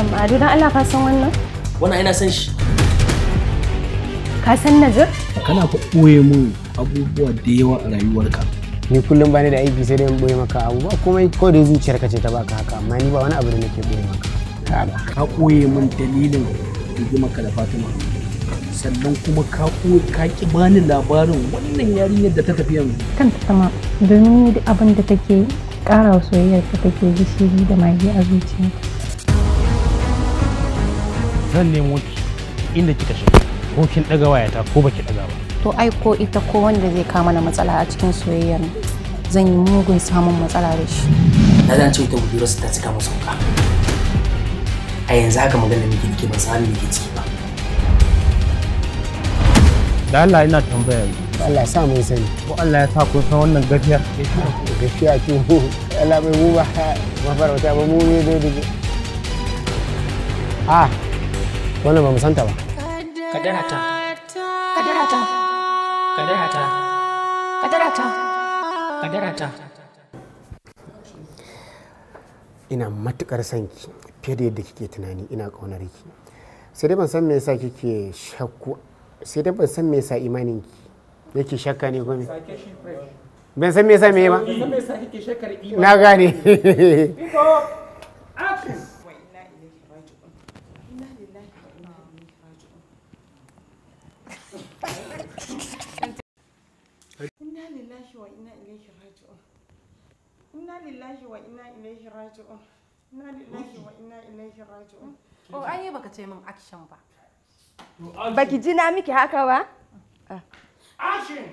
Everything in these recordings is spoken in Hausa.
Ado don Allah ka san wannan? Wannan ina san shi. Ka san Najir? Kana ku ɓoye mun abubuwa da yawa a rayuwarka. Ni kullum bani da aiki sai dai in ɓoye maka abubuwa komai ko da ka ce ta baka haka amma ni ba wani abu da nake ɓoye maka. Ka ɓoye mun dalilin rigimaka da Fatima. sannan kuma ka ka ki bani labarin wannan yarinyar da ta tafi yanzu kan sama domin abin da take ƙara soyayyar ta take gishiri da magi a zuciya zan nemo ki inda kika shiga ko kin daga wayata ko baki daga ba to ai ko ita ko wanda zai kama na matsala a cikin soyayyar zan yi mugun samun matsala da shi na zan ce ita budurwa ta cika musu ka a yanzu haka magana miki kike ban san miki ciki ba da Allah ina tambaya Allah ya sa mun sani ko Allah ya sa kun san wannan gafiya gafiya ce mu Allah bai mu ba mafarauta ba mu ne dai dai ah wannan ba mu santa ba kadarata ta kadarata kadarata kadarata ina matukar son ki fiye da yadda kike tunani ina kaunar ki sai dai ban san me yasa kike shakku sai dai ban san me yasa imanin ki yake shakka ne gome ban san me yasa me ba na gane lillahi wa inna ilaihi raji'un inna lillahi wa inna ilaihi raji'un oh ai baka ce min action ba baki ji na miki haka ba action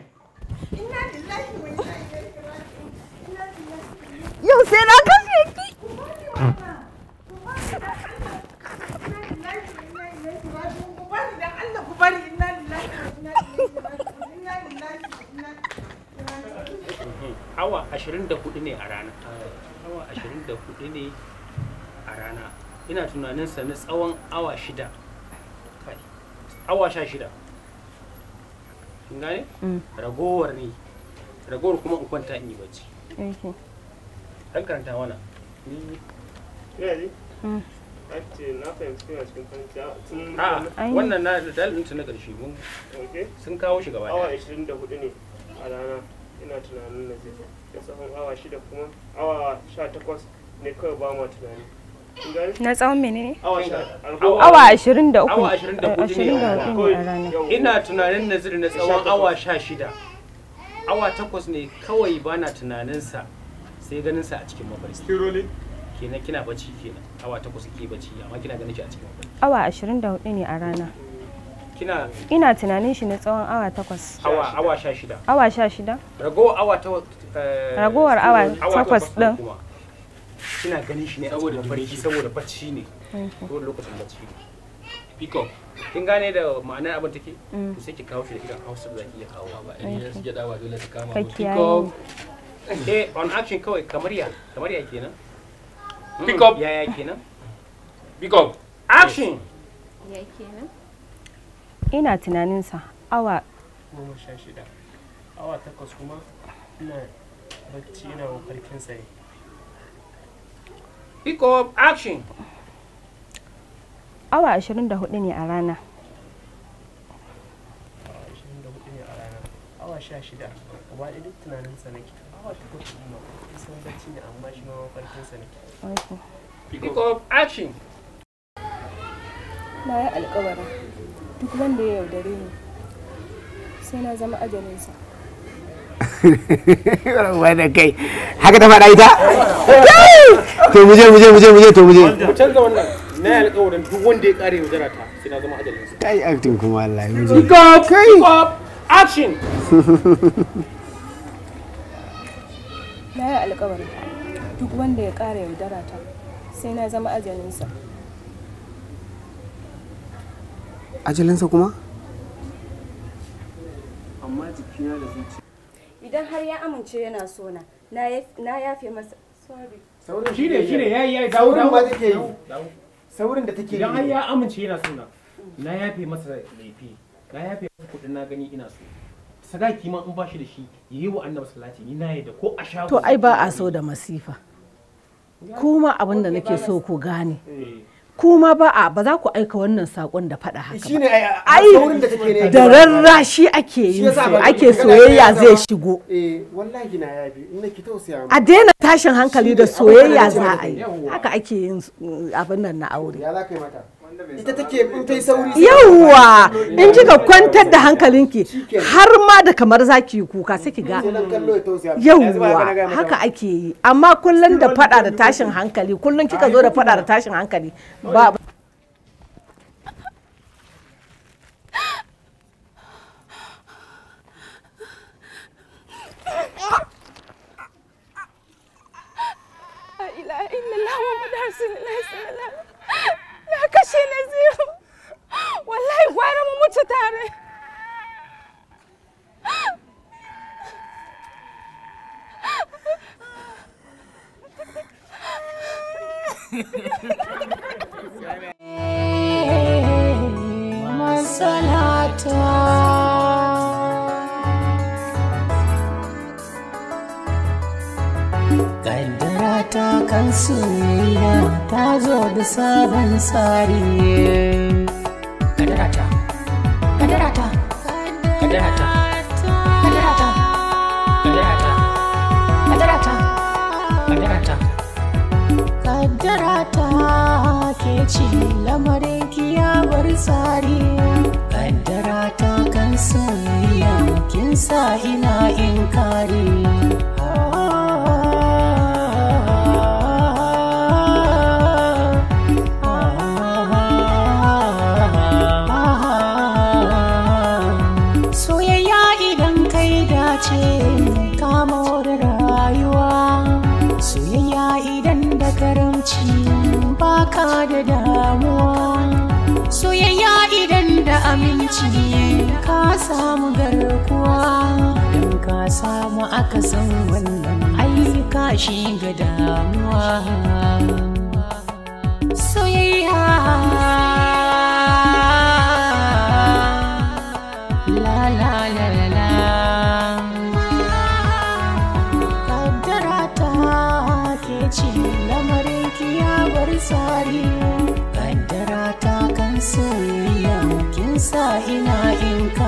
inna lillahi wa inna ilaihi raji'un inna lillahi yau sai na kashe ki 24 ne a rana awa 24 ne a rana ina tunanin sa na tsawon awa shida awa sha shida kin gane mm. ragowar ne ragowar kuma in kwanta in yi bacci dan karanta wana ni yaji mm. wannan na dalilin na ƙarshe mun sun kawo shi gaba awa 24 ne a rana ina tunanin na zai ya tsawon awa shida kuma awa sha takwas ne kawai ba ma tunani na tsawon mene ne? awa ashirin da uku ina tunanin na ziri na tsawon awa sha shida awa takwas ne kawai ba na tunaninsa sai ganinsa a cikin mafarki kenan kina bacci kenan awa takwas ke bacci amma kina ganin shi a cikin mafarki awa ashirin da hudu ne a rana Kina? ina tunanin shi na tsawon awa takwas awa sha shida awa sha shida eh, ragowar awa ragowar awa takwas din kina ganin shi ne saboda barci saboda bacci ne saboda lokacin bacci ne piko kin gane da ma'anar abin take Ku mm. sai ki kawo shi da irin hausa da zaki iya kawo ba idan ya suke dawa dole su kama piko eh on action kawai kamar ya kamar ya kenan piko Ya ya kenan piko action ya kenan ina tunaninsa awa goma sha shida awa takwas kuma ina bacci ina mafarkin tsaye pick up action awa ashirin da hudu ne a rana awa sha shida gaba duk tunaninsa nake awa takwas kuma sun bacci ne amma shi ma mafarkinsa nake pick up action na yi alkawarin duk wanda ya yaudare ni sai na zama ajalinsa rawa da kai haka ta faɗa ita to muje muje muje muje to muje canza wannan na yi alƙawarin duk wanda ya ƙare yaudara ta sai na zama ajalinsa kai acting kuma Allah muje pick up action na yi alƙawarin duk wanda ya ƙara yaudara ta sai na zama ajalinsa ajalinsa kuma amma jikina da zuciya idan har ya amince yana sona na yafe masa sorry saurin shine shine yayi yayi dawo saurin ma take yi saurin da take yi idan har ya amince yana sona na yafe masa laifi na yafe masa kudin na gani ina so sadaki ma in ba shi da shi ya yi wa annabi salati ni na yadda ko a shago to ai ba a so da masifa kuma abin da nake so ku gane eh. kuma ba a ba za ku aika wannan sakon da fada haka ba ai da rarrashi ake yi ake soyayya zai shigo eh, a daina tashin hankali da soyayya za a yi haka ake yin mm, abin nan na aure ita take in ta yi kika kwantar da hankalinki har ma da kamar zaki kuka sai ki ga yauwa haka ake yi amma kullun da fada da tashin hankali kullun kika zo da fada da tashin hankali ba shi naziru wallahi gwara mu mutu tare Masalata. matakan soyayya ta zo da sabon tsari kadarata kadarata kadarata ke lamarin kiyabar tsari kadarata kan soyayya kin sa ina in kare alaka da damuwa soyayya idan da aminci ka samu garkuwa don ka samu aka san wannan ayyuka shi ga damuwa soyayya sa in ka